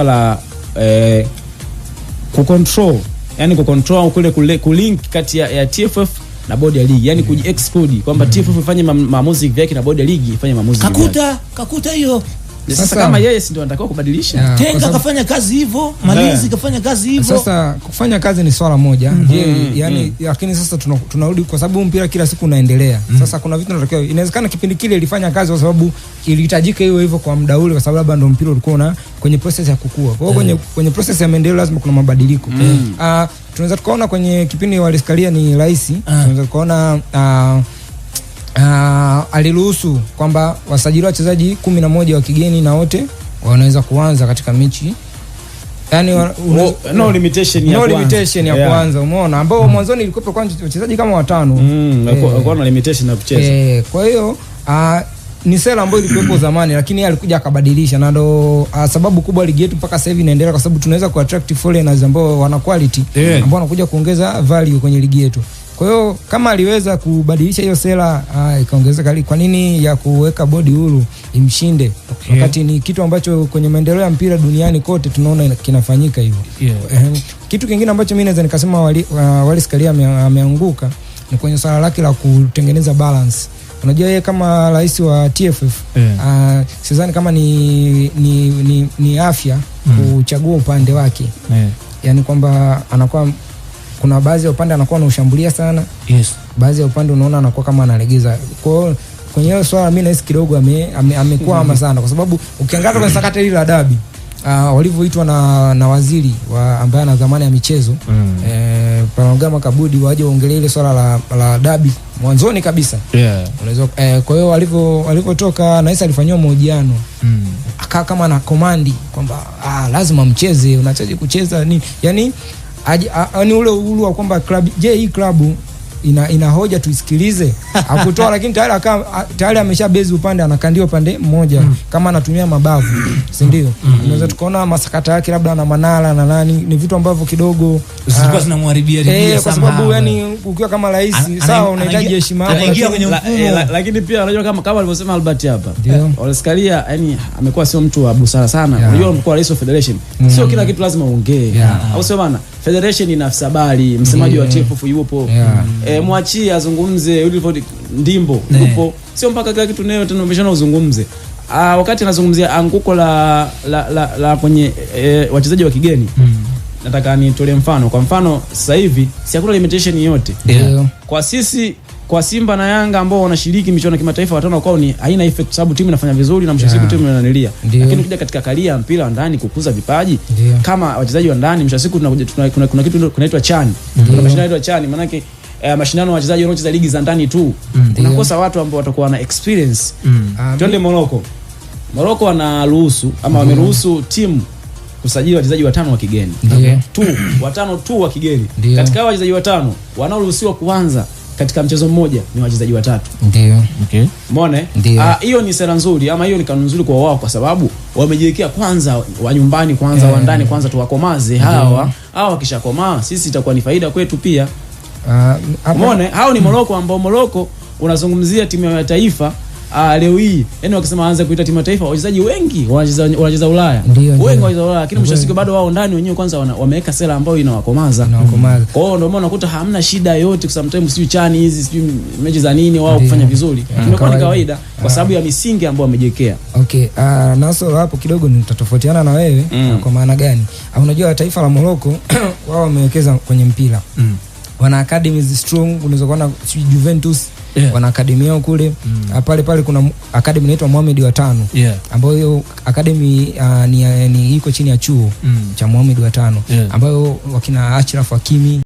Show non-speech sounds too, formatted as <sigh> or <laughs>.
la eh, kucontrol yani kucontrol kule, kule kulink kati ya, ya TFF na bodi ya ligi yani kujiexclude kwamba mm. TFF ifanye maamuzi yake na bodi ya ligi ifanye maamuzi. Kakuta kakuta hiyo sasa, kama yeye si ndio anatakiwa kubadilisha. yeah, Tenga kafanya kazi hivyo, Malinzi kafanya kazi hivyo. Sasa kufanya kazi ni swala moja. Mm -hmm. Je, mm-hmm. yani mm -hmm. lakini sasa tunarudi kwa sababu mpira kila siku unaendelea. Mm -hmm. Sasa kuna vitu tunatakiwa. Inawezekana kipindi kile ilifanya kazi kwa sababu ilihitajika hiyo hivyo kwa muda ule kwa sababu labda ndio mpira ulikuwa na kwenye process ya kukua. Kwa hiyo mm. kwenye kwenye process ya maendeleo lazima kuna mabadiliko. Mm -hmm. Uh, tunaweza tukaona kwenye kipindi waliskalia ni rais rahisi. Ah. Tunaweza tukaona uh, uh, aliruhusu kwamba wasajili wachezaji kumi na moja wa kigeni na wote wanaweza kuanza katika mechi yani, no, no limitation ya no kuanza, limitation ya yeah. umeona ambao hmm. mwanzoni ilikuwa kwa wachezaji kama watano mm, eh, kwa na limitation ya kucheza eh, kwa hiyo uh, ni sera ambayo ilikuwepo zamani, lakini yeye alikuja akabadilisha, na ndo ah, sababu kubwa ligi yetu mpaka sasa hivi inaendelea, kwa sababu tunaweza ku attract foreigners ambao wana quality yeah. ambao wanakuja kuongeza value kwenye ligi yetu. Kwa hiyo kama aliweza kubadilisha hiyo sera ah, ikaongezeka kali, kwa nini ya kuweka bodi huru imshinde Okay. Wakati ni kitu ambacho kwenye maendeleo ya mpira duniani kote tunaona kinafanyika hivyo yeah. Kitu kingine ambacho mimi naweza nikasema wali, uh, Wallace Karia ameanguka ni kwenye swala lake la kutengeneza balance. Unajua yeye kama rais wa TFF yeah. Uh, sidhani kama ni, ni, ni, ni afya mm. kuchagua upande wake yeah. Yani kwamba anakuwa kuna baadhi ya upande anakuwa anaushambulia sana yes. baadhi ya upande unaona anakuwa kama analegeza kwao kwenye hiyo swala mi nahisi kidogo amekuwa ame, ame ama sana kwa sababu ukiangaza kwenye sakata hili la dabi uh, walivyoitwa na, na waziri wa ambaye ana dhamana ya michezo mm. eh, Palamagamba Kabudi waje waongelee ile swala la, la dabi mwanzoni kabisa yeah. Ulezo, eh, kwa hiyo walivyo walivyotoka nahisi alifanyiwa mahojiano mm. akaa kama na komandi kwamba ah, lazima mcheze unachaji kucheza ni yani yaani ule uhuru wa kwamba klabu, je, hii klabu ina, ina hoja tuisikilize, <laughs> akutoa lakini tayari aka tayari amesha bezi upande anakandia upande mmoja mm. kama anatumia mabavu hmm. si ndio? mm -hmm. Unaweza tukaona masakata yake labda na manala na nani, ni vitu ambavyo kidogo zilikuwa ah, zinamharibia eh, kwa sababu yani ukiwa kama rais sawa, unahitaji heshima yako, anaingia kwenye mfumo, eh, lakini pia unajua kama kama alivyosema Albert hapa, eh, Ole Scalia yani amekuwa sio mtu wa busara sana. Unajua, mkuu wa rais of federation hmm. sio kila kitu lazima uongee, au sio bana? Federation ina afisa habari, msemaji wa TFF yupo, eh, mwachie azungumze. Wilford Ndimbo yupo, sio mpaka kila kitu nayo tena umeshana uzungumze. Ah, wakati nazungumzia anguko la la, la, la kwenye e, wachezaji wa kigeni mm. Nataka nitolee mfano. Kwa mfano sasa hivi si hakuna limitation yote yeah. Kwa sisi kwa Simba na Yanga ambao wanashiriki michuano ya kimataifa watano kwao ni haina effect, sababu timu inafanya vizuri na mshasiku yeah. timu inanilia. Lakini kuja katika kalia mpira wa ndani kukuza vipaji Dio. kama wachezaji wa ndani mshasiku tunakuja tuna, kuna, kuna kitu kinaitwa chani Dio. kuna mashindano ya chani maana yake eh, mashindano wachezaji wanaocheza ligi za ndani tu mm, unakosa watu ambao watakuwa na experience mm. Ah, Twende Morocco. Morocco wanaruhusu ama wameruhusu timu kusajili wachezaji watano wa kigeni tu watano tu wa kigeni. Katika wachezaji watano wanaoruhusiwa kuanza katika mchezo mmoja ni wachezaji watatu. Ndio. Okay. Umeona? Eh? Ah, hiyo ni sera nzuri ama hiyo ni kanuni nzuri kwa wao kwa sababu wamejiwekea kwanza wa nyumbani kwanza yeah. wa eh. ndani kwanza tuwakomaze hawa. Hawa wakishakomaa sisi itakuwa ni faida kwetu pia. Uh, Umeona? Eh? Hao ni Moroko ambao Moroko unazungumzia timu ya taifa uh, leo hii yani wakisema waanze kuita timu ya taifa, wachezaji wengi wanacheza Ulaya, wengi wanacheza Ulaya, lakini mwisho siku bado wao ndani wenyewe kwanza wameweka sera ambayo inawakomaza inawakomaza. Kwa hiyo ndio maana unakuta hamna shida yote, kwa sometimes sio chani hizi sio mechi za nini wao kufanya vizuri, ah, imekuwa ni kawaida kwa sababu ya misingi ambayo wamejiwekea. Okay, uh, ah, naso hapo kidogo nitatofautiana na wewe mm. Kwa maana gani? Unajua taifa la Morocco <clears throat> wao wamewekeza kwenye mpira mm. Wana academies strong, unaweza kuona Juventus yeah. wana akademi yao kule mm. Ah, pale pale kuna akademi inaitwa Mohamed wa tano yeah. ambayo hiyo akademi uh, ah, ni, ni iko chini ya chuo mm. cha Mohamed wa tano yeah. ambayo wakina ashraf Hakimi